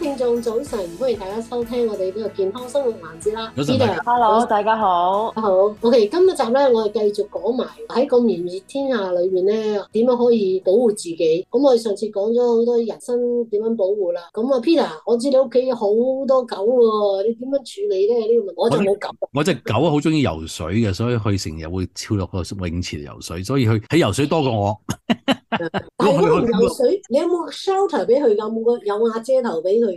聽眾早晨，歡迎大家收聽我哋呢個健康生活環節啦。Peter，hello，大家好。好，OK，今一集咧，我哋繼續講埋喺咁炎熱天下裏面咧，點樣可以保護自己？咁我哋上次講咗好多人生點樣保護啦。咁啊，Peter，我知你屋企好多狗喎，哦，你點樣處理咧？呢個問題我就冇狗。我隻狗好中意游水嘅，所以佢成日會跳落個泳池游水，所以佢喺游水多過我。 但係唔游水， 你有冇 shelter 俾佢噶？有冇個有瓦遮頭俾佢？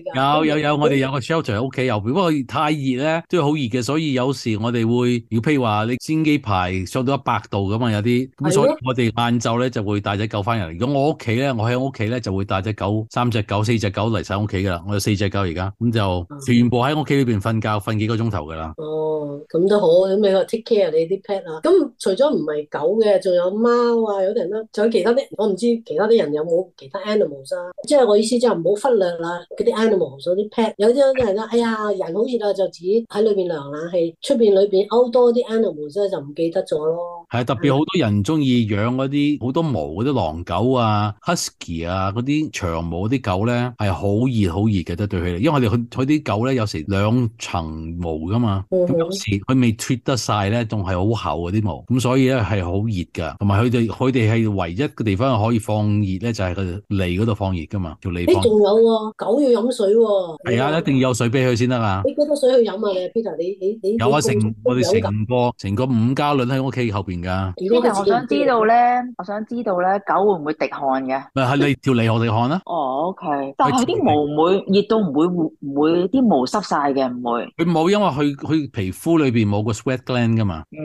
有有有，我哋有個 shelter 喺屋企又如果過太熱咧，都好熱嘅，所以有時我哋會，譬如話你煎機排上到一百度咁啊，有啲咁，所以我哋晏晝咧就會帶隻狗翻入嚟。如果我屋企咧，我喺屋企咧就會帶隻狗、三隻狗、四隻狗嚟晒屋企噶啦，我有四隻狗而家，咁就全部喺屋企裏邊瞓覺，瞓、嗯、幾個鐘頭噶啦。哦，咁都好，咁你話 take care 你啲 pet 啊。咁、嗯、除咗唔係狗嘅，仲有貓啊，有啲人啦，仲有其他啲，我唔知其他啲人有冇其他 animals 啊。即係我意思就唔好忽略啦，啲。animal 啲 pet，有啲人咧，哎呀，人好熱啊，就自己喺裏邊涼冷氣出邊，裏邊勾多啲 animal，所以就唔記得咗咯。係特別好多人中意養嗰啲好多毛嗰啲狼狗啊、husky 啊嗰啲長毛嗰啲狗咧，係好熱好熱嘅，對對佢哋，因為佢佢佢啲狗咧有時兩層毛㗎嘛，有時佢未脫得晒咧，仲係好厚嗰啲毛，咁所以咧係好熱㗎。同埋佢哋佢哋係唯一嘅地方可以放熱咧，就係佢哋脷度放熱㗎嘛，叫脷放？仲有喎、啊，狗要飲水喎、啊。係啊，一定要有水俾佢先得。你幾多水去飲啊？你 Peter，你，你，你有啊？成我哋成，成個成個五加侖喺屋企後邊。呢度我想知道咧，我想知道咧，狗會唔會滴汗嘅？咪係你條脷我哋汗啦。哦，O K。但係啲毛唔會熱到，唔會唔會啲毛濕晒嘅，唔會。佢冇，因為佢佢皮膚裏邊冇個 sweat gland 噶嘛。嗯。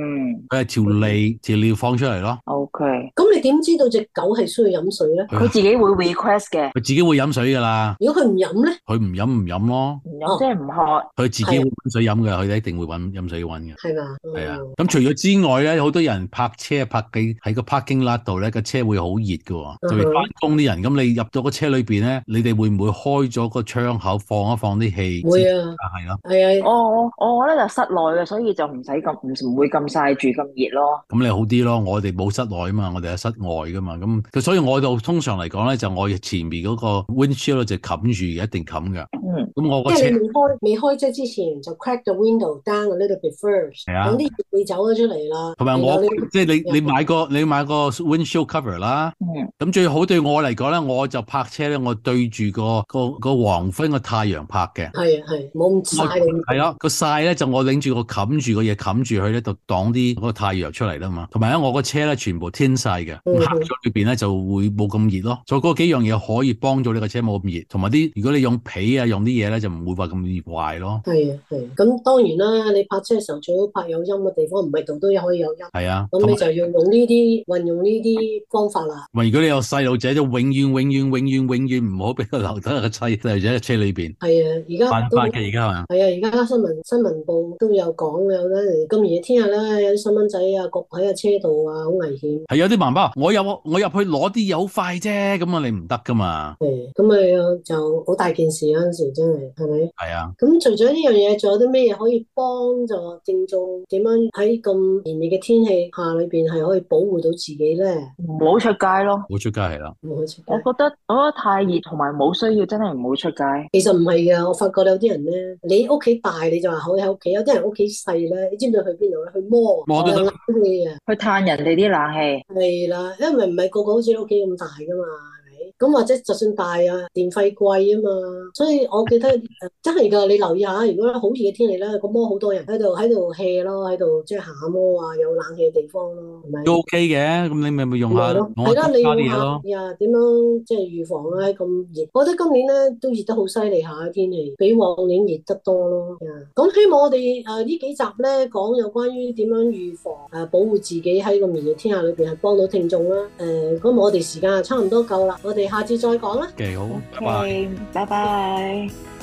佢係條脷條脷放出嚟咯。O K。咁你點知道隻狗係需要飲水咧？佢自己會 request 嘅。佢自己會飲水噶啦。如果佢唔飲咧？佢唔飲唔飲咯。唔飲即係唔渴，佢自己會揾水飲嘅，佢哋一定會揾飲水揾嘅。係噶。係啊。咁除咗之外咧，好多人。拍車拍機喺個 parking lot 度咧，個車會好熱嘅。就別翻工啲人，咁、mm hmm. 你入到個車裏邊咧，你哋會唔會開咗個窗口放一放啲氣？會啊，係咯是，係啊。哦、我我我咧就室內嘅，所以就唔使咁唔唔會咁曬住咁熱咯。咁你好啲咯，我哋冇室內啊嘛，我哋喺室外噶嘛。咁，所以我就通常嚟講咧，就我前面嗰個 windshield 就冚住一定冚㗎。咁我車，即係你未開未開車之前，就 crack the window down a little bit first。係啊，咁呢邊你走咗出嚟啦。同埋我即係你你買個、啊、你買個 windshield cover 啦、啊。咁最好對我嚟講咧，我就泊車咧，我對住個個個黃昏個太陽泊嘅。係啊係，冇咁晒。係咯，個晒咧就我拎住個冚住個嘢，冚住佢咧就擋啲個太陽出嚟啦嘛。同埋咧，我個車咧全部天晒嘅，黑咗裏邊咧就會冇咁熱咯。所以嗰、啊、幾樣嘢可以幫助你個車冇咁熱，同埋啲如果你用皮啊用。啲嘢咧就唔會話咁易壞咯。係啊，係、啊。咁當然啦，你泊車嘅時候最好泊有陰嘅地方，唔係度都有可以有陰。係啊，咁你就要用呢啲運用呢啲方法啦。唔如果你有細路仔，就永遠永遠永遠永遠唔好俾佢留得個細路仔喺車裏邊。係啊，而家都犯法期㗎係嘛？係啊，而家新聞新聞報都有講有咧，今夜天日咧有啲細蚊仔啊焗喺啊車度啊，好危險。係有啲犯法，我有我入去攞啲嘢好快啫，咁啊你唔得㗎嘛。係、啊，咁啊就好大件事嗰、啊、陣真係，係咪？係啊。咁除咗呢樣嘢，仲有啲咩嘢可以幫助正宗點樣喺咁炎熱嘅天氣下裏面係可以保護到自己咧？唔好出街咯。唔好出街係啦。唔好出街。我覺得，我覺得太熱同埋冇需要，真係唔好出街。其實唔係㗎。我發覺有啲人咧，你屋企大你就話好喺屋企，有啲人屋企細咧，你知唔知去邊度咧？去摸。摸到冷氣啊！去探人哋啲冷氣。係啦，因為唔係個個好似你屋企咁大噶嘛。咁或者就算大啊，電費貴啊嘛，所以我記得， 呃、真係噶你留意下，如果好熱嘅天氣咧，個摩好多人喺度喺度 hea 咯，喺度即係下摩啊，有冷氣嘅地方咯，係咪？都 OK 嘅，咁你咪咪用下咯，係啦，你用下，呀，點樣即係預防咧？咁熱，我覺得今年咧都熱得好犀利下嘅天氣，比往年熱得多咯。咁希望我哋誒呢幾集咧講有關於點樣預防誒、呃、保護自己喺個炎熱天下裏邊係幫到聽眾啦。誒、呃，咁我哋時間啊差唔多夠啦。我哋下次再講啦。OK，好，OK，拜拜。拜拜拜拜。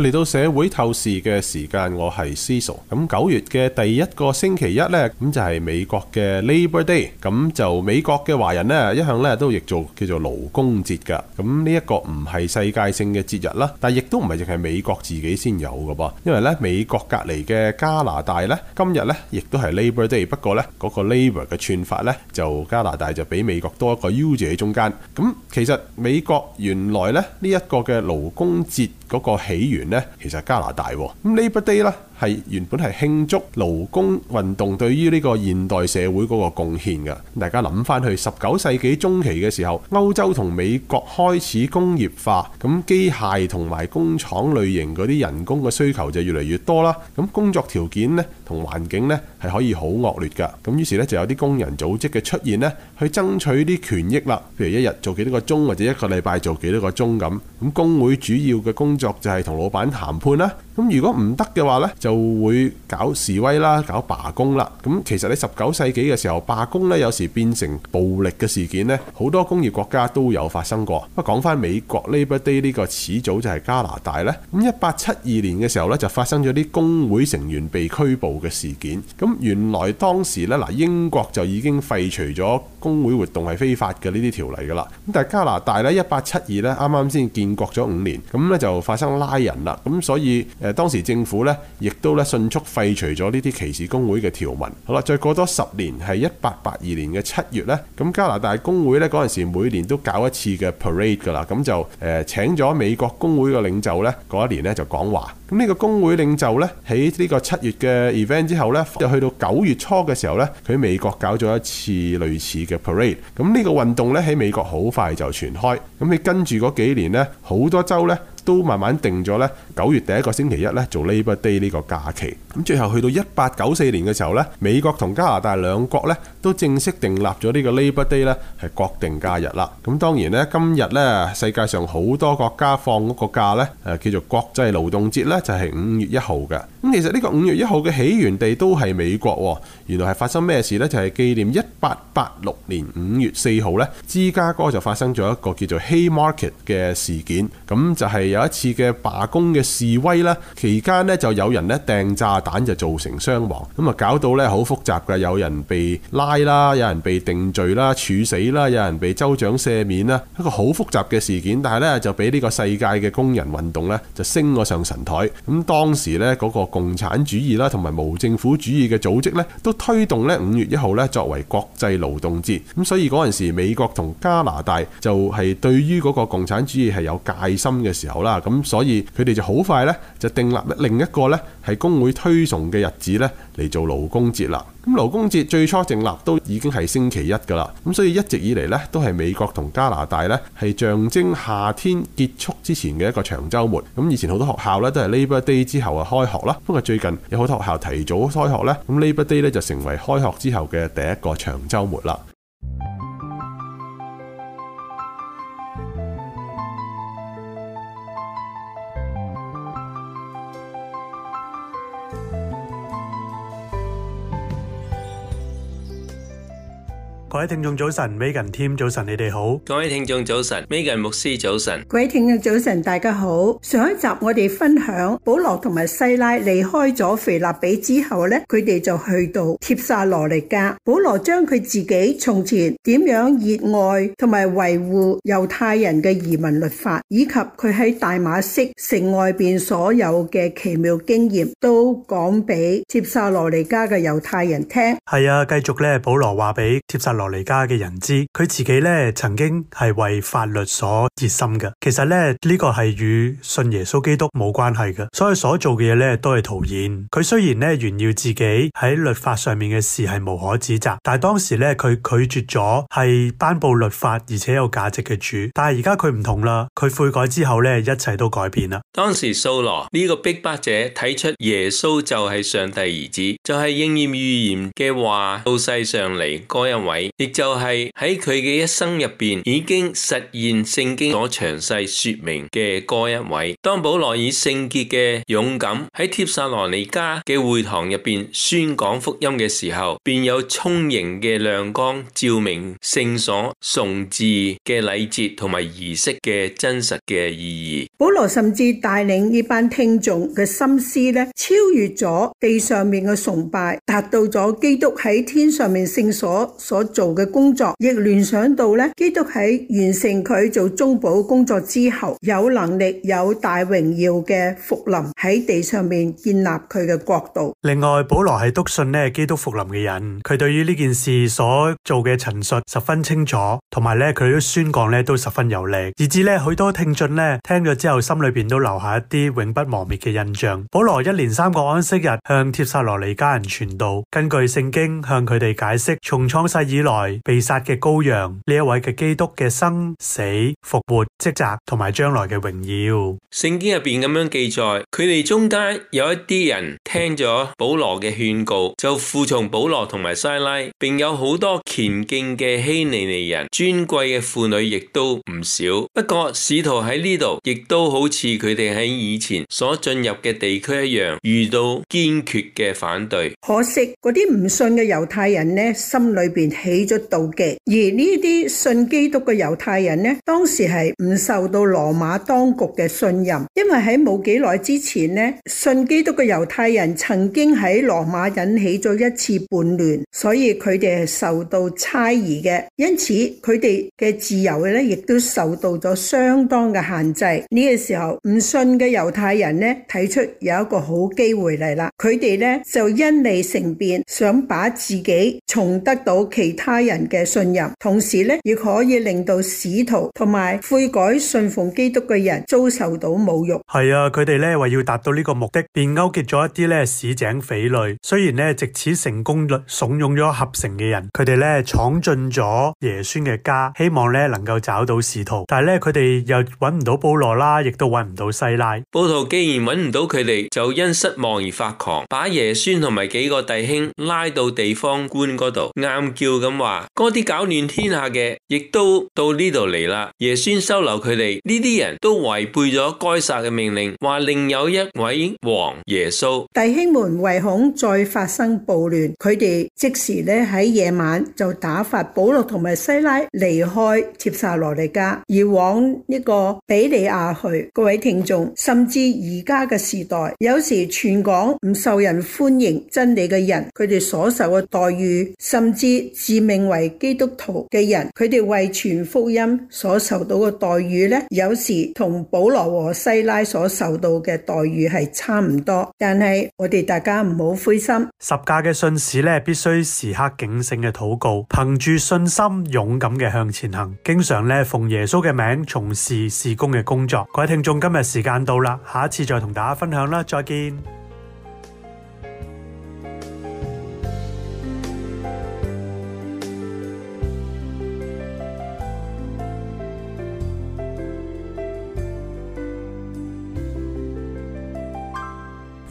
嚟到社會透視嘅時間，我係 Cecil。咁九月嘅第一個星期一咧，咁就係美國嘅 Labor Day。咁就美國嘅華人咧，一向咧都譯做叫做勞工節噶。咁呢一個唔係世界性嘅節日啦，但係亦都唔係淨係美國自己先有噶噃。因為咧美國隔籬嘅加拿大咧，今日咧亦都係 Labor Day，不過咧嗰個 Labor 嘅串法咧就加拿大就比美國多一個 U 字喺中間。咁其實美國原來咧呢一個嘅勞工節。嗰個起源咧，其實係加拿大喎、啊。咁呢 Labour Day 咧。係原本係慶祝勞工運動對於呢個現代社會嗰個貢獻㗎。大家諗翻去十九世紀中期嘅時候，歐洲同美國開始工業化，咁機械同埋工廠類型嗰啲人工嘅需求就越嚟越多啦。咁工作條件呢同環境呢係可以好惡劣㗎。咁於是呢就有啲工人組織嘅出現呢去爭取啲權益啦。譬如一日做幾多個鐘，或者一個禮拜做幾多個鐘咁。咁工會主要嘅工作就係同老闆談判啦。咁如果唔得嘅話呢，就會搞示威啦，搞罷工啦。咁其實喺十九世紀嘅時候罷工呢有時變成暴力嘅事件呢，好多工業國家都有發生過。不過講翻美國 Labor Day 呢個始祖就係加拿大呢。咁一八七二年嘅時候呢，就發生咗啲工會成員被拘捕嘅事件。咁原來當時呢，嗱，英國就已經廢除咗工會活動係非法嘅呢啲條例㗎啦，咁但係加拿大咧一八七二咧，啱啱先建國咗五年，咁咧就發生拉人啦，咁所以誒、呃、當時政府咧亦都咧迅速廢除咗呢啲歧視工會嘅條文，好啦，再過多十年係一八八二年嘅七月咧，咁加拿大工會咧嗰陣時每年都搞一次嘅 parade 㗎啦，咁就誒、呃、請咗美國工會嘅領袖咧嗰一年咧就講話，咁呢個工會領袖咧喺呢個七月嘅 event 之後咧，就去到九月初嘅時候咧，佢喺美國搞咗一次類似嘅。嘅 parade，咁呢個運動咧喺美國好快就傳開，咁你跟住嗰幾年咧，好多州咧。都慢慢定咗呢，九月第一個星期一呢做 Labor Day 呢個假期。咁最後去到一八九四年嘅時候呢，美國同加拿大兩國呢都正式訂立咗呢個 Labor Day 呢係國定假日啦。咁當然呢，今日呢世界上好多國家放嗰個假呢，誒叫做國際勞動節呢，就係五月一號嘅。咁其實呢個五月一號嘅起源地都係美國喎。原來係發生咩事呢？就係紀念一八八六年五月四號呢，芝加哥就發生咗一個叫做 Haymarket 嘅事件，咁就係。有一次嘅罷工嘅示威啦，期間呢就有人呢掟炸彈就造成傷亡，咁啊搞到呢好複雜嘅，有人被拉啦，有人被定罪啦、處死啦，有人被州長赦免啦，一個好複雜嘅事件，但係呢就俾呢個世界嘅工人運動呢就升咗上神台，咁當時呢嗰個共產主義啦同埋無政府主義嘅組織呢都推動呢五月一號呢作為國際勞動節，咁所以嗰陣時美國同加拿大就係對於嗰個共產主義係有戒心嘅時候。啦，咁所以佢哋就好快咧，就訂立另一個咧，係工會推崇嘅日子咧嚟做勞工節啦。咁勞工節最初訂立都已經係星期一噶啦，咁所以一直以嚟咧都係美國同加拿大咧係象徵夏天結束之前嘅一個長周末。咁以前好多學校咧都係 Labor Day 之後啊開學啦，不過最近有好多學校提早開學咧，咁 Labor Day 咧就成為開學之後嘅第一個長周末啦。各位聽眾早晨，Megan Team 早晨，你哋好。各位聽眾早晨，Megan 牧師早晨。各位聽眾早晨，大家好。上一集我哋分享保羅同埋西拉離開咗腓立比之後咧，佢哋就去到帖撒羅尼迦。保羅將佢自己從前點樣熱愛同埋維護猶太人嘅移民律法，以及佢喺大馬色城外邊所有嘅奇妙經驗，都講俾帖撒羅尼迦嘅猶太人聽。係啊，繼續咧，保羅話俾帖撒羅。離家嘅人知，佢自己咧曾經係為法律所熱心嘅。其實咧，呢個係與信耶穌基督冇關係嘅，所以所做嘅嘢咧都係徒然。佢雖然咧炫耀自己喺律法上面嘅事係無可指責，但係當時咧佢拒絕咗係頒布律法而且有價值嘅主。但係而家佢唔同啦，佢悔改之後咧一切都改變啦。當時掃羅呢個逼迫者睇出耶穌就係上帝兒子，就係應驗預言嘅話到世上嚟嗰一位。亦就係喺佢嘅一生入邊已經實現聖經所詳細說明嘅嗰一位。當保羅以聖潔嘅勇敢喺帖撒羅尼迦嘅會堂入邊宣講福音嘅時候，便有充盈嘅亮光照明聖所崇祀嘅禮節同埋儀式嘅真實嘅意義。保羅甚至帶領呢班聽眾嘅心思咧，超越咗地上面嘅崇拜，達到咗基督喺天上面聖所所做。嘅工作，亦聯想到咧基督喺完成佢做中保工作之後，有能力有大榮耀嘅福臨喺地上面建立佢嘅國度。另外，保羅係篤信咧基督福臨嘅人，佢對於呢件事所做嘅陳述十分清楚，同埋咧佢都宣講咧都十分有力，以至咧許多聽眾咧聽咗之後，心裏邊都留下一啲永不磨滅嘅印象。保羅一連三個安息日向帖撒羅尼迦人傳道，根據聖經向佢哋解釋從創世以來。被殺嘅羔羊呢一位嘅基督嘅生死復活職責同埋將來嘅榮耀。聖經入邊咁樣記載，佢哋中間有一啲人聽咗保羅嘅勸告，就附從保羅同埋西拉，並有好多虔敬嘅希尼尼人，尊貴嘅婦女亦都唔少。不過使徒喺呢度，亦都好似佢哋喺以前所進入嘅地區一樣，遇到堅決嘅反對。可惜嗰啲唔信嘅猶太人呢，心裏邊起。妒忌，而呢啲信基督嘅猶太人呢，當時係唔受到羅馬當局嘅信任，因為喺冇幾耐之前呢，信基督嘅猶太人曾經喺羅馬引起咗一次叛亂，所以佢哋係受到猜疑嘅，因此佢哋嘅自由呢，亦都受到咗相當嘅限制。呢個時候唔信嘅猶太人呢，睇出有一個好機會嚟啦，佢哋呢，就因利乘便，想把自己從得到其他。家人嘅信任，同時咧亦可以令到使徒同埋悔改信奉基督嘅人遭受到侮辱。係啊，佢哋咧為要達到呢個目的，便勾結咗一啲咧市井匪類。雖然咧藉此成功率慫恿咗合城嘅人，佢哋咧闖進咗耶孫嘅家，希望咧能夠找到使徒。但係咧佢哋又搵唔到保羅啦，亦都搵唔到西拉。暴徒既然搵唔到佢哋，就因失望而發狂，把耶孫同埋幾個弟兄拉到地方官嗰度，喊叫咁。嗰啲攪亂天下嘅，亦都到呢度嚟啦。耶穌收留佢哋，呢啲人都違背咗該撒嘅命令。話另有一位王耶穌。弟兄們唯恐再發生暴亂，佢哋即時呢喺夜晚就打發保羅同埋西拉離開帖撒羅尼迦，而往呢個比利亞去。各位聽眾，甚至而家嘅時代，有時傳講唔受人歡迎真理嘅人，佢哋所受嘅待遇，甚至致命。認為基督徒嘅人，佢哋為傳福音所受到嘅待遇咧，有時同保羅和西拉所受到嘅待遇係差唔多。但係我哋大家唔好灰心。十架嘅信使咧，必須時刻警醒嘅禱告，憑住信心勇敢嘅向前行，經常咧奉耶穌嘅名從事事工嘅工作。各位聽眾，今日時間到啦，下一次再同大家分享啦，再見。